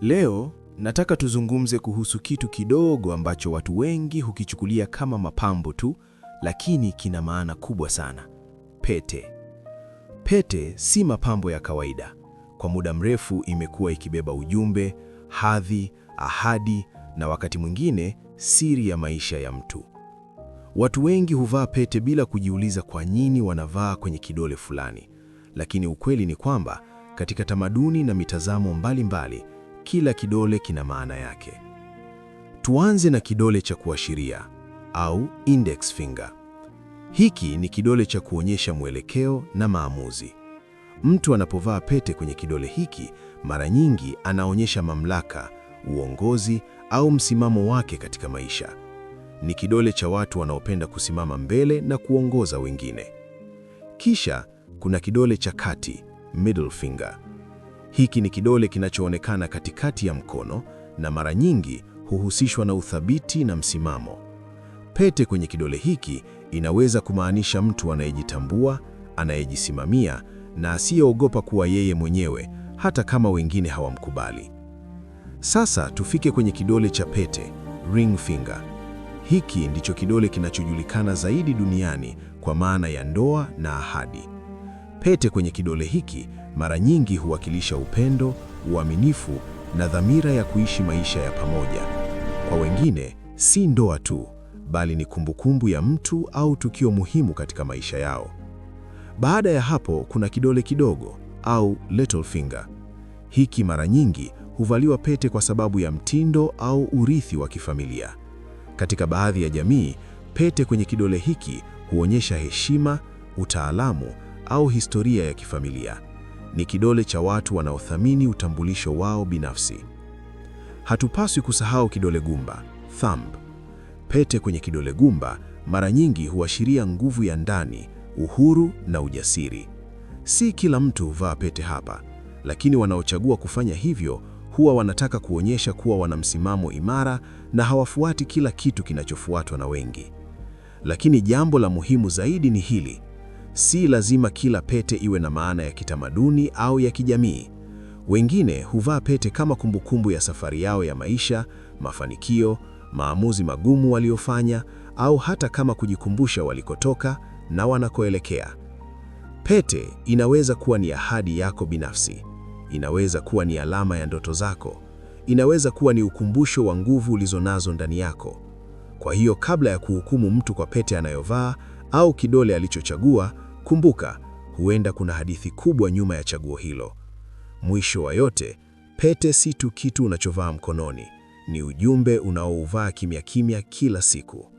Leo nataka tuzungumze kuhusu kitu kidogo ambacho watu wengi hukichukulia kama mapambo tu, lakini kina maana kubwa sana. Pete. Pete si mapambo ya kawaida. Kwa muda mrefu imekuwa ikibeba ujumbe, hadhi, ahadi na wakati mwingine siri ya maisha ya mtu. Watu wengi huvaa pete bila kujiuliza kwa nini wanavaa kwenye kidole fulani. Lakini ukweli ni kwamba katika tamaduni na mitazamo mbalimbali mbali, kila kidole kina maana yake. Tuanze na kidole cha kuashiria au index finger. Hiki ni kidole cha kuonyesha mwelekeo na maamuzi. Mtu anapovaa pete kwenye kidole hiki, mara nyingi anaonyesha mamlaka, uongozi au msimamo wake katika maisha. Ni kidole cha watu wanaopenda kusimama mbele na kuongoza wengine. Kisha kuna kidole cha kati, middle finger. Hiki ni kidole kinachoonekana katikati ya mkono na mara nyingi huhusishwa na uthabiti na msimamo. Pete kwenye kidole hiki inaweza kumaanisha mtu anayejitambua, anayejisimamia na asiyeogopa kuwa yeye mwenyewe hata kama wengine hawamkubali. Sasa tufike kwenye kidole cha pete, ring finger. Hiki ndicho kidole kinachojulikana zaidi duniani kwa maana ya ndoa na ahadi. Pete kwenye kidole hiki mara nyingi huwakilisha upendo, uaminifu na dhamira ya kuishi maisha ya pamoja. Kwa wengine, si ndoa tu, bali ni kumbukumbu ya mtu au tukio muhimu katika maisha yao. Baada ya hapo, kuna kidole kidogo au little finger. Hiki mara nyingi huvaliwa pete kwa sababu ya mtindo au urithi wa kifamilia. Katika baadhi ya jamii, pete kwenye kidole hiki huonyesha heshima, utaalamu au historia ya kifamilia. Ni kidole cha watu wanaothamini utambulisho wao binafsi. Hatupaswi kusahau kidole gumba, thumb. Pete kwenye kidole gumba mara nyingi huashiria nguvu ya ndani, uhuru na ujasiri. Si kila mtu huvaa pete hapa, lakini wanaochagua kufanya hivyo huwa wanataka kuonyesha kuwa wana msimamo imara na hawafuati kila kitu kinachofuatwa na wengi. Lakini jambo la muhimu zaidi ni hili: Si lazima kila pete iwe na maana ya kitamaduni au ya kijamii. Wengine huvaa pete kama kumbukumbu ya safari yao ya maisha, mafanikio, maamuzi magumu waliofanya, au hata kama kujikumbusha walikotoka na wanakoelekea. Pete inaweza kuwa ni ahadi yako binafsi, inaweza kuwa ni alama ya ndoto zako, inaweza kuwa ni ukumbusho wa nguvu ulizonazo ndani yako. Kwa hiyo, kabla ya kuhukumu mtu kwa pete anayovaa au kidole alichochagua Kumbuka, huenda kuna hadithi kubwa nyuma ya chaguo hilo. Mwisho wa yote, pete si tu kitu unachovaa mkononi, ni ujumbe unaouvaa kimya kimya kila siku.